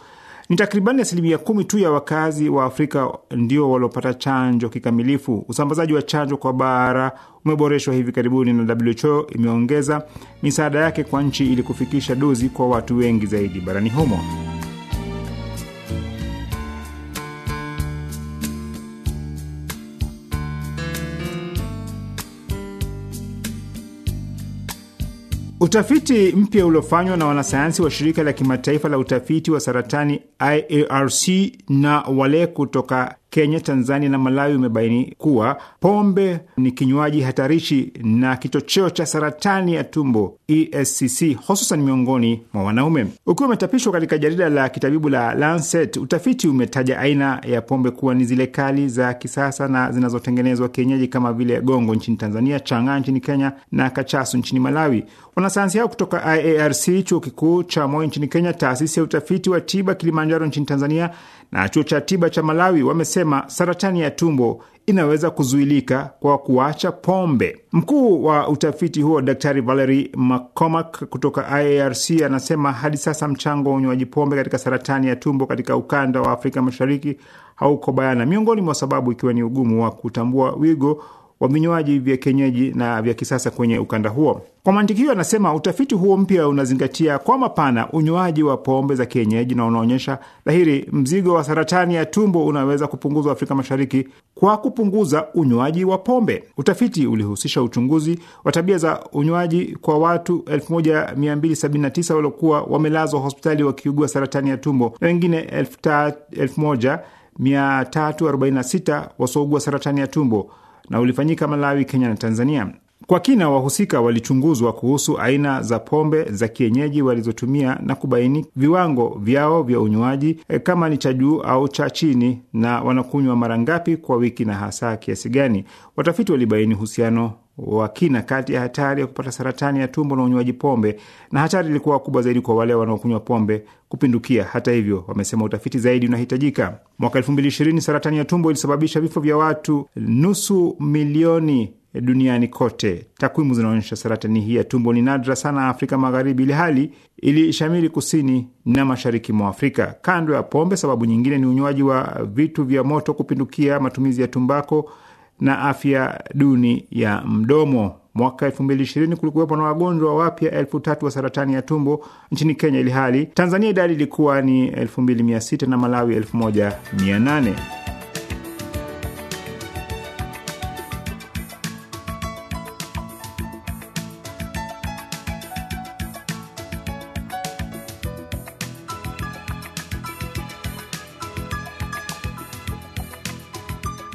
D: Ni takribani asilimia kumi tu ya wakazi wa Afrika ndio waliopata chanjo kikamilifu. Usambazaji wa chanjo kwa bara umeboreshwa hivi karibuni na WHO imeongeza misaada yake kwa nchi ili kufikisha dozi kwa watu wengi zaidi barani humo. Utafiti mpya uliofanywa na wanasayansi wa shirika la kimataifa la utafiti wa saratani IARC na wale kutoka Kenya, Tanzania na Malawi umebaini kuwa pombe ni kinywaji hatarishi na kichocheo cha saratani ya tumbo ESCC, hususan miongoni mwa wanaume. Ukiwa umetapishwa katika jarida la kitabibu la Lancet, utafiti umetaja aina ya pombe kuwa ni zile kali za kisasa na zinazotengenezwa kienyeji kama vile gongo nchini Tanzania, chang'aa nchini Kenya na kachasu nchini Malawi. Wanasayansi hao kutoka IARC, chuo kikuu cha Moi nchini Kenya, taasisi ya utafiti wa tiba Kilimanjaro nchini Tanzania na chuo cha tiba cha Malawi wamesema anasema saratani ya tumbo inaweza kuzuilika kwa kuacha pombe. Mkuu wa utafiti huo Daktari Valery McCormack kutoka IARC anasema hadi sasa mchango wa unywaji pombe katika saratani ya tumbo katika ukanda wa Afrika Mashariki hauko bayana, miongoni mwa sababu ikiwa ni ugumu wa kutambua wigo wa vinywaji vya kienyeji na vya kisasa kwenye ukanda huo. Kwa mantiki hiyo, anasema utafiti huo mpya unazingatia kwa mapana unywaji wa pombe za kienyeji na unaonyesha dhahiri mzigo wa saratani ya tumbo unaweza kupunguzwa Afrika Mashariki kwa kupunguza unywaji wa pombe. Utafiti ulihusisha uchunguzi wa tabia za unywaji kwa watu 1279 waliokuwa wamelazwa hospitali wakiugua saratani ya tumbo na wengine 1346 wasougua saratani ya tumbo na ulifanyika Malawi, Kenya na Tanzania. Kwa kina, wahusika walichunguzwa kuhusu aina za pombe za kienyeji walizotumia na kubaini viwango vyao vya unywaji, eh, kama ni cha juu au cha chini, na wanakunywa mara ngapi kwa wiki na hasa kiasi gani. Watafiti walibaini uhusiano wa kina kati ya hatari ya kupata saratani ya tumbo na unywaji pombe, na hatari ilikuwa kubwa zaidi kwa wale wanaokunywa pombe kupindukia. Hata hivyo, wamesema utafiti zaidi unahitajika. Mwaka elfu mbili ishirini saratani ya tumbo ilisababisha vifo vya watu nusu milioni duniani kote. Takwimu zinaonyesha saratani hii ya tumbo ni nadra sana Afrika Magharibi, ili hali ilishamiri kusini na mashariki mwa Afrika. Kando ya pombe, sababu nyingine ni unywaji wa vitu vya moto kupindukia, matumizi ya tumbako na afya duni ya mdomo. Mwaka elfu mbili ishirini kulikuwepo na wagonjwa wapya elfu tatu wa saratani ya tumbo nchini Kenya, ili hali Tanzania idadi ilikuwa ni elfu mbili mia sita na Malawi elfu moja mia nane.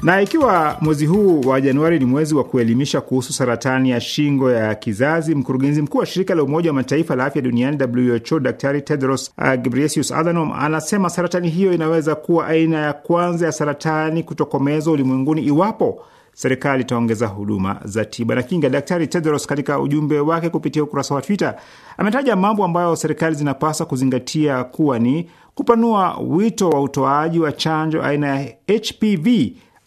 D: Na ikiwa mwezi huu wa Januari ni mwezi wa kuelimisha kuhusu saratani ya shingo ya kizazi, mkurugenzi mkuu wa shirika la Umoja wa Mataifa la afya duniani WHO, Daktari Tedros uh, Ghebreyesus Adhanom anasema saratani hiyo inaweza kuwa aina ya kwanza ya saratani kutokomezwa ulimwenguni iwapo serikali itaongeza huduma za tiba na kinga. Daktari Tedros katika ujumbe wake kupitia ukurasa wa Twitter ametaja mambo ambayo serikali zinapaswa kuzingatia kuwa ni kupanua wito wa utoaji wa chanjo aina ya HPV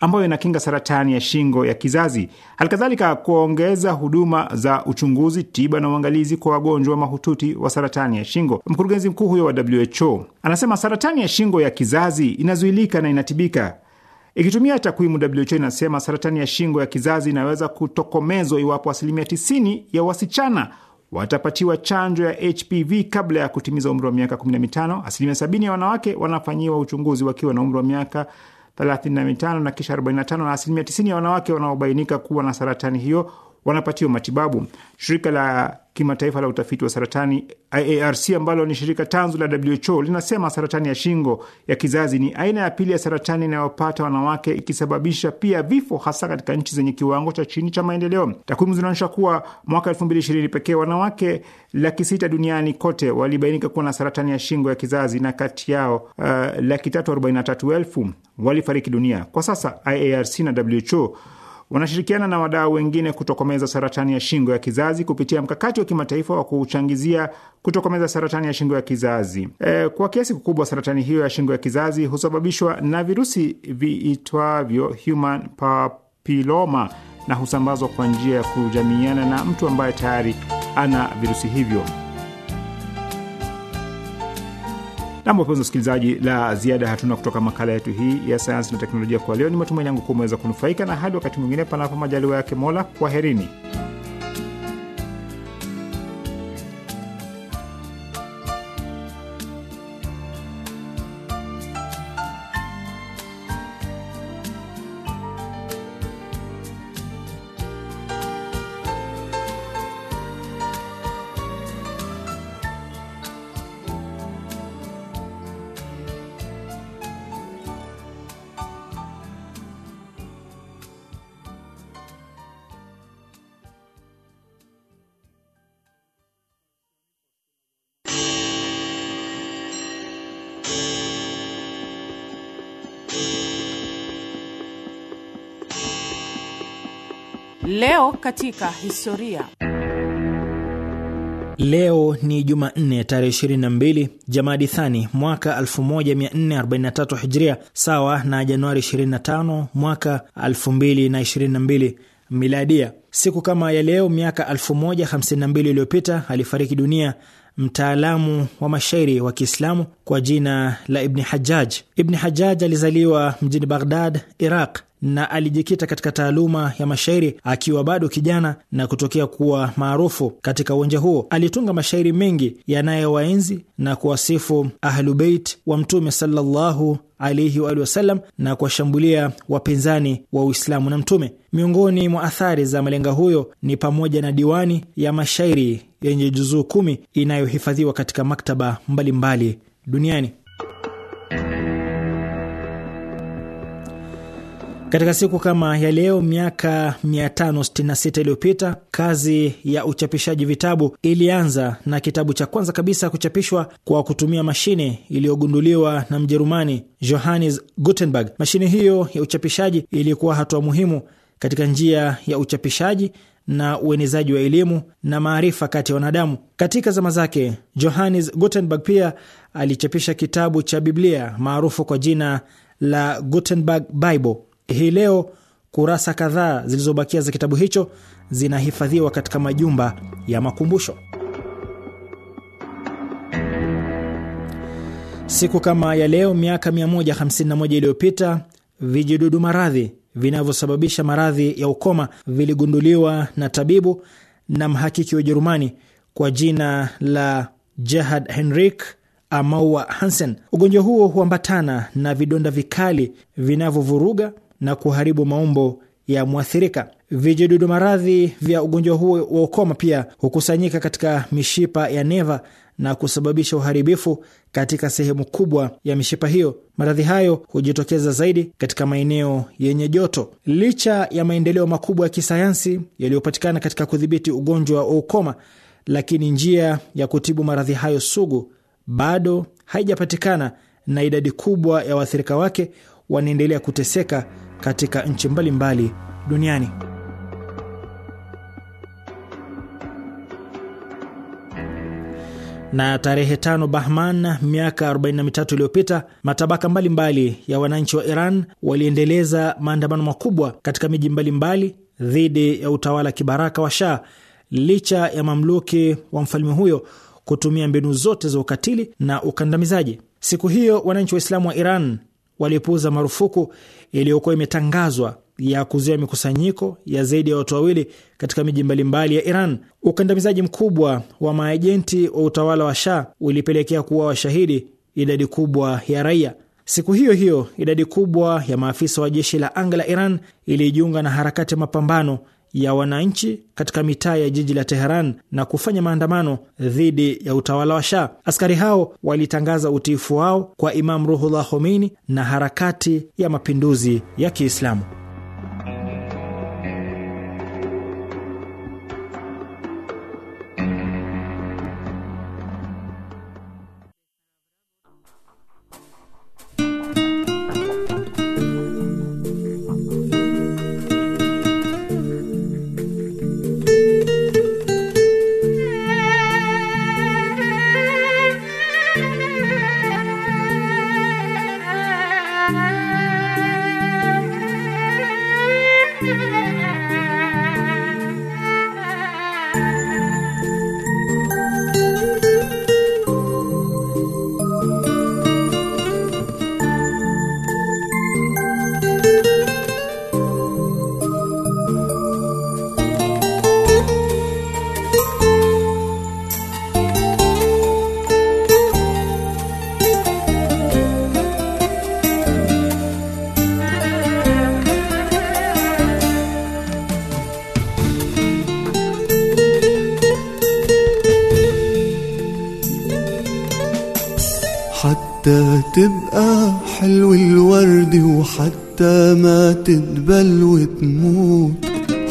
D: ambayo inakinga saratani ya shingo ya kizazi. Halikadhalika, kuongeza huduma za uchunguzi, tiba na uangalizi kwa wagonjwa mahututi wa saratani ya shingo. Mkurugenzi mkuu huyo wa WHO anasema saratani ya shingo ya kizazi inazuilika na inatibika. Ikitumia takwimu, WHO inasema saratani ya shingo ya kizazi inaweza kutokomezwa iwapo asilimia 90 ya wasichana watapatiwa chanjo ya HPV kabla ya kutimiza umri wa miaka 15. Asilimia 70 ya wanawake wanafanyiwa uchunguzi wakiwa na umri wa miaka 35 na kisha 45 na asilimia 90 ya wanawake wanaobainika kuwa na saratani hiyo wanapatiwa matibabu. Shirika la kimataifa la utafiti wa saratani IARC ambalo ni shirika tanzu la WHO linasema saratani ya shingo ya kizazi ni aina ya pili ya saratani inayopata wanawake ikisababisha pia vifo hasa katika nchi zenye kiwango cha chini cha maendeleo. Takwimu zinaonyesha kuwa mwaka 2020 pekee wanawake laki sita duniani kote walibainika kuwa na saratani ya shingo ya kizazi na kati yao uh, laki tatu arobaini na tatu elfu walifariki dunia. Kwa sasa IARC na WHO wanashirikiana na wadau wengine kutokomeza saratani ya shingo ya kizazi kupitia mkakati wa kimataifa wa kuchangizia kutokomeza saratani ya shingo ya kizazi. E, kwa kiasi kikubwa saratani hiyo ya shingo ya kizazi husababishwa na virusi viitwavyo human papiloma na husambazwa kwa njia ya kujamiiana na mtu ambaye tayari ana virusi hivyo. Ama wapenzi wasikilizaji, la ziada hatuna kutoka makala yetu hii ya sayansi na teknolojia kwa leo. Ni matumaini yangu kuwa umeweza kunufaika, na hadi wakati mwingine, panapo majaliwa yake Mola, kwaherini.
E: Leo katika historia.
A: Leo ni Jumanne tarehe 22 Jamadi Thani mwaka 1443 Hijria, sawa na Januari 25 mwaka 2022 Miladia. Siku kama ya leo miaka 1052 iliyopita alifariki dunia mtaalamu wa mashairi wa Kiislamu kwa jina la Ibni Hajjaj. Ibni Hajjaj alizaliwa mjini Baghdad, Iraq na alijikita katika taaluma ya mashairi akiwa bado kijana na kutokea kuwa maarufu katika uwanja huo. Alitunga mashairi mengi yanayowaenzi na kuwasifu Ahlubeit wa Mtume sallallahu alaihi waalihi wasallam na kuwashambulia wapinzani wa Uislamu na Mtume. Miongoni mwa athari za malenga huyo ni pamoja na diwani ya mashairi yenye juzuu kumi inayohifadhiwa katika maktaba mbalimbali mbali duniani. Katika siku kama ya leo miaka 566 iliyopita kazi ya uchapishaji vitabu ilianza na kitabu cha kwanza kabisa kuchapishwa kwa kutumia mashine iliyogunduliwa na Mjerumani Johannes Gutenberg. Mashine hiyo ya uchapishaji ilikuwa hatua muhimu katika njia ya uchapishaji na uenezaji wa elimu na maarifa kati ya wanadamu. Katika zama zake, Johannes Gutenberg pia alichapisha kitabu cha Biblia maarufu kwa jina la Gutenberg Bible. Hii leo kurasa kadhaa zilizobakia za kitabu hicho zinahifadhiwa katika majumba ya makumbusho. Siku kama ya leo miaka 151 iliyopita vijidudu maradhi vinavyosababisha maradhi ya ukoma viligunduliwa na tabibu na mhakiki wa Ujerumani kwa jina la Gerhard Henrik Amaua Hansen. Ugonjwa huo huambatana na vidonda vikali vinavyovuruga na kuharibu maumbo ya mwathirika. Vijidudu maradhi vya ugonjwa huo wa ukoma pia hukusanyika katika mishipa ya neva na kusababisha uharibifu katika sehemu kubwa ya mishipa hiyo. Maradhi hayo hujitokeza zaidi katika maeneo yenye joto. Licha ya maendeleo makubwa ya kisayansi yaliyopatikana katika kudhibiti ugonjwa wa ukoma, lakini njia ya kutibu maradhi hayo sugu bado haijapatikana na idadi kubwa ya waathirika wake wanaendelea kuteseka katika nchi mbalimbali duniani. na tarehe tano Bahman miaka 43 iliyopita, matabaka mbalimbali mbali ya wananchi wa Iran waliendeleza maandamano makubwa katika miji mbalimbali dhidi ya utawala kibaraka wa Shah, licha ya mamluki wa mfalme huyo kutumia mbinu zote za ukatili na ukandamizaji. Siku hiyo wananchi Waislamu wa Iran walipuuza marufuku iliyokuwa imetangazwa ya kuzuia mikusanyiko ya zaidi ya watu wawili katika miji mbalimbali ya Iran. Ukandamizaji mkubwa wa maajenti wa utawala wa Shah ulipelekea kuwa washahidi idadi kubwa ya raia. Siku hiyo hiyo, idadi kubwa ya maafisa wa jeshi la anga la Iran ilijiunga na harakati ya mapambano ya wananchi katika mitaa ya jiji la Teheran na kufanya maandamano dhidi ya utawala wa Shah. Askari hao walitangaza utiifu wao kwa Imam Ruhullah Khomeini na harakati ya mapinduzi ya Kiislamu.
F: حتى ما تدبل وتموت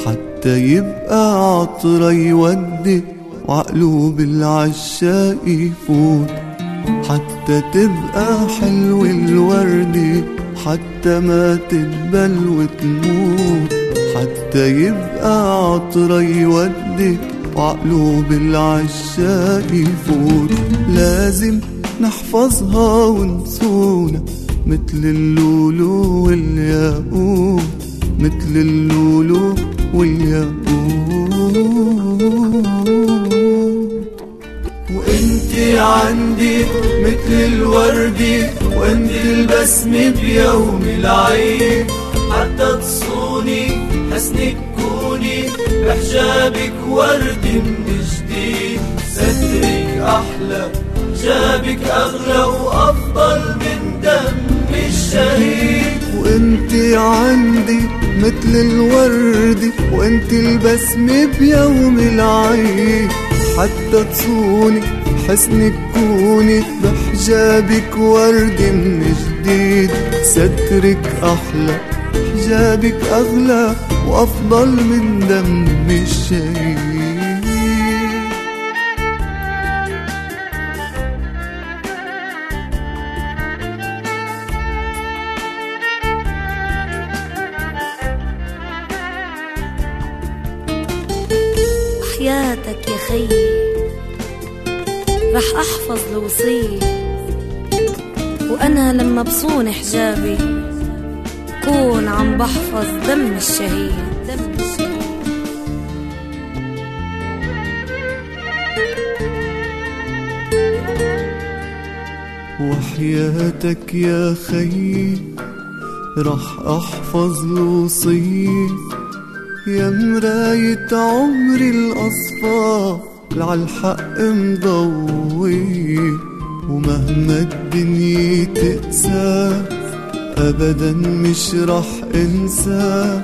F: حتى يبقى عطرة يودي وعقله بالعشاق يفوت حتى تبقى حلو الوردة حتى ما تدبل وتموت حتى يبقى عطرة يودي وعقله بالعشاق يفوت لازم نحفظها ونسونا مثل اللولو والياقوت مثل اللولو والياقوت وانت عندي مثل الوردي وانت البسمة بيوم العيد حتى تصوني حسنك كوني بحجابك وردي من جديد سترك أحلى جابك أغلى وأفضل من دم الشهيد وانت عندي مثل الورد وانت البسمة بيوم العيد حتى تصوني حسنك كوني بحجابك ورد من جديد سترك أحلى حجابك أغلى وأفضل من دم الشهيد
B: وصية وأنا لما بصون حجابي كون عم بحفظ دم الشهيد
F: وحياتك يا خيي رح أحفظ وصيه يا مراية عمري الاصفار الحق مضوي ومهما الدنيا تقسى ابدا مش رح انسى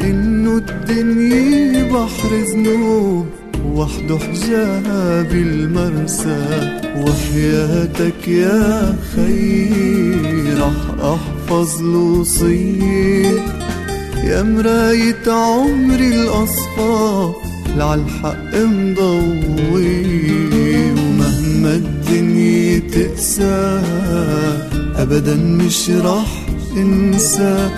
F: انه الدنيا بحر ذنوب وحده حجاب المرسى وحياتك يا خي رح احفظ لوصيه صيه يا مراية عمري الاصفاق لعالحق مضوي ومهما الدنيا تقسى أبدا مش راح انسى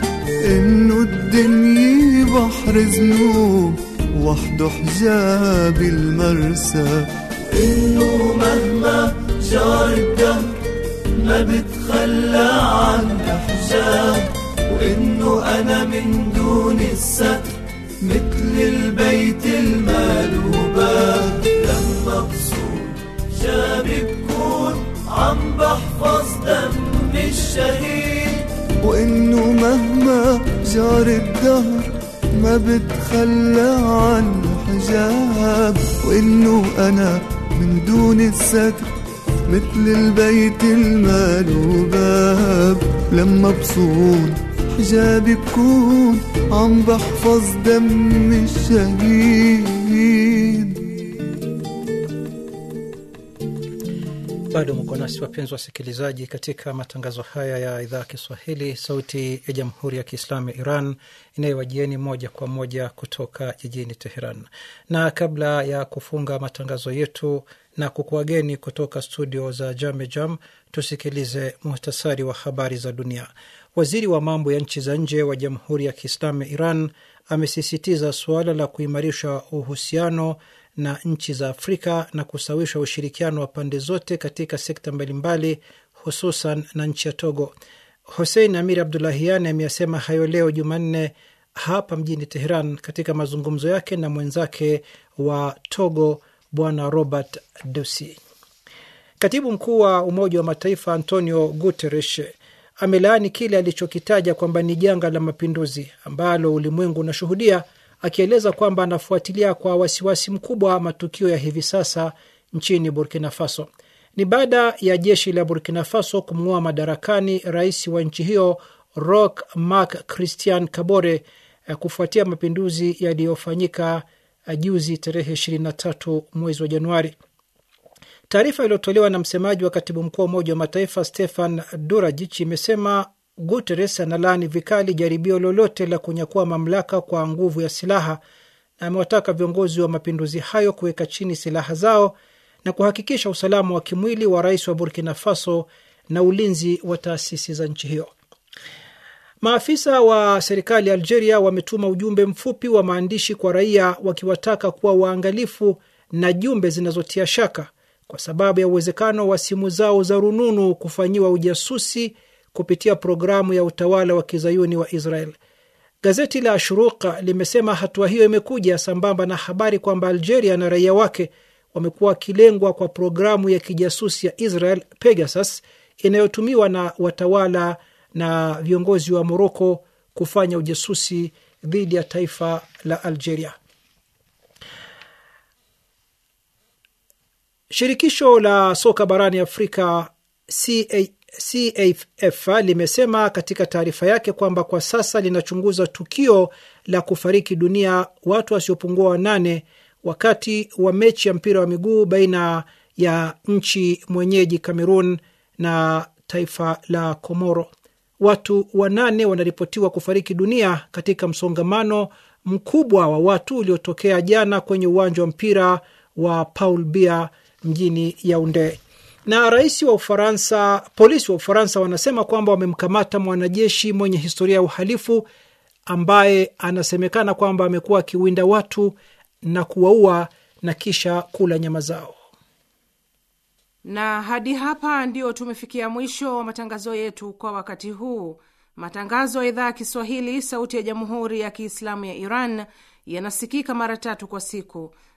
F: إنه الدنيا بحر ذنوب وحده حجاب المرسى وإنه مهما جار الدهر ما بتخلى عن حجاب وإنه أنا من دون الستر مثل البيت المالوبة لما بصوم شابي بكون عم بحفظ دم الشهيد وإنه مهما جار الدهر ما بتخلى عن حجاب وإنه أنا من دون الستر مثل البيت المالو باب لما بصون جابي بكون عم بحفظ دم الشهيد
C: bado mko nasi wapenzi wasikilizaji, katika matangazo haya ya idhaa ya Kiswahili, sauti ya jamhuri ya kiislamu ya Iran inayowajieni moja kwa moja kutoka jijini Teheran. Na kabla ya kufunga matangazo yetu na kukuageni kutoka studio za jam tusikilize muhtasari wa habari za dunia. Waziri wa mambo ya nchi za nje wa Jamhuri ya Kiislamu ya Iran amesisitiza suala la kuimarisha uhusiano na nchi za Afrika na kusawisha ushirikiano wa pande zote katika sekta mbalimbali, hususan na nchi ya Togo. Hussein Amir abdulahiani ameyasema hayo leo Jumanne hapa mjini Teheran katika mazungumzo yake na mwenzake wa Togo Bwana Robert dosi Katibu mkuu wa Umoja wa Mataifa Antonio Guterres amelaani kile alichokitaja kwamba ni janga la mapinduzi ambalo ulimwengu unashuhudia, akieleza kwamba anafuatilia kwa wasiwasi mkubwa matukio ya hivi sasa nchini Burkina Faso. Ni baada ya jeshi la Burkina Faso kumng'oa madarakani rais wa nchi hiyo Roch Marc Christian Kabore eh, kufuatia mapinduzi yaliyofanyika eh, juzi tarehe 23 mwezi wa Januari. Taarifa iliyotolewa na msemaji wa katibu mkuu wa Umoja wa Mataifa Stefan Durajich imesema Guteres analaani vikali jaribio lolote la kunyakua mamlaka kwa nguvu ya silaha na amewataka viongozi wa mapinduzi hayo kuweka chini silaha zao na kuhakikisha usalama wa kimwili wa rais wa Burkina Faso na ulinzi wa taasisi za nchi hiyo. Maafisa wa serikali ya Algeria wametuma ujumbe mfupi wa maandishi kwa raia wakiwataka kuwa waangalifu na jumbe zinazotia shaka kwa sababu ya uwezekano wa simu zao za rununu kufanyiwa ujasusi kupitia programu ya utawala wa kizayuni wa Israel. Gazeti la Shuruka limesema hatua hiyo imekuja sambamba na habari kwamba Algeria na raia wake wamekuwa wakilengwa kwa programu ya kijasusi ya Israel Pegasus inayotumiwa na watawala na viongozi wa Moroko kufanya ujasusi dhidi ya taifa la Algeria. Shirikisho la soka barani Afrika CA, CAF limesema katika taarifa yake kwamba kwa sasa linachunguza tukio la kufariki dunia watu wasiopungua wanane wakati wa mechi ya mpira wa miguu baina ya nchi mwenyeji Cameroon na taifa la Komoro. Watu wanane wanaripotiwa kufariki dunia katika msongamano mkubwa wa watu uliotokea jana kwenye uwanja wa mpira wa Paul Bia mjini Yaunde. Na rais wa Ufaransa, polisi wa Ufaransa wanasema kwamba wamemkamata mwanajeshi mwenye historia ya uhalifu ambaye anasemekana kwamba amekuwa akiwinda watu na kuwaua na kisha kula nyama zao.
E: Na hadi hapa ndio tumefikia mwisho wa matangazo yetu kwa wakati huu. Matangazo ya idhaa ya Kiswahili, sauti ya jamhuri ya kiislamu ya Iran yanasikika mara tatu kwa siku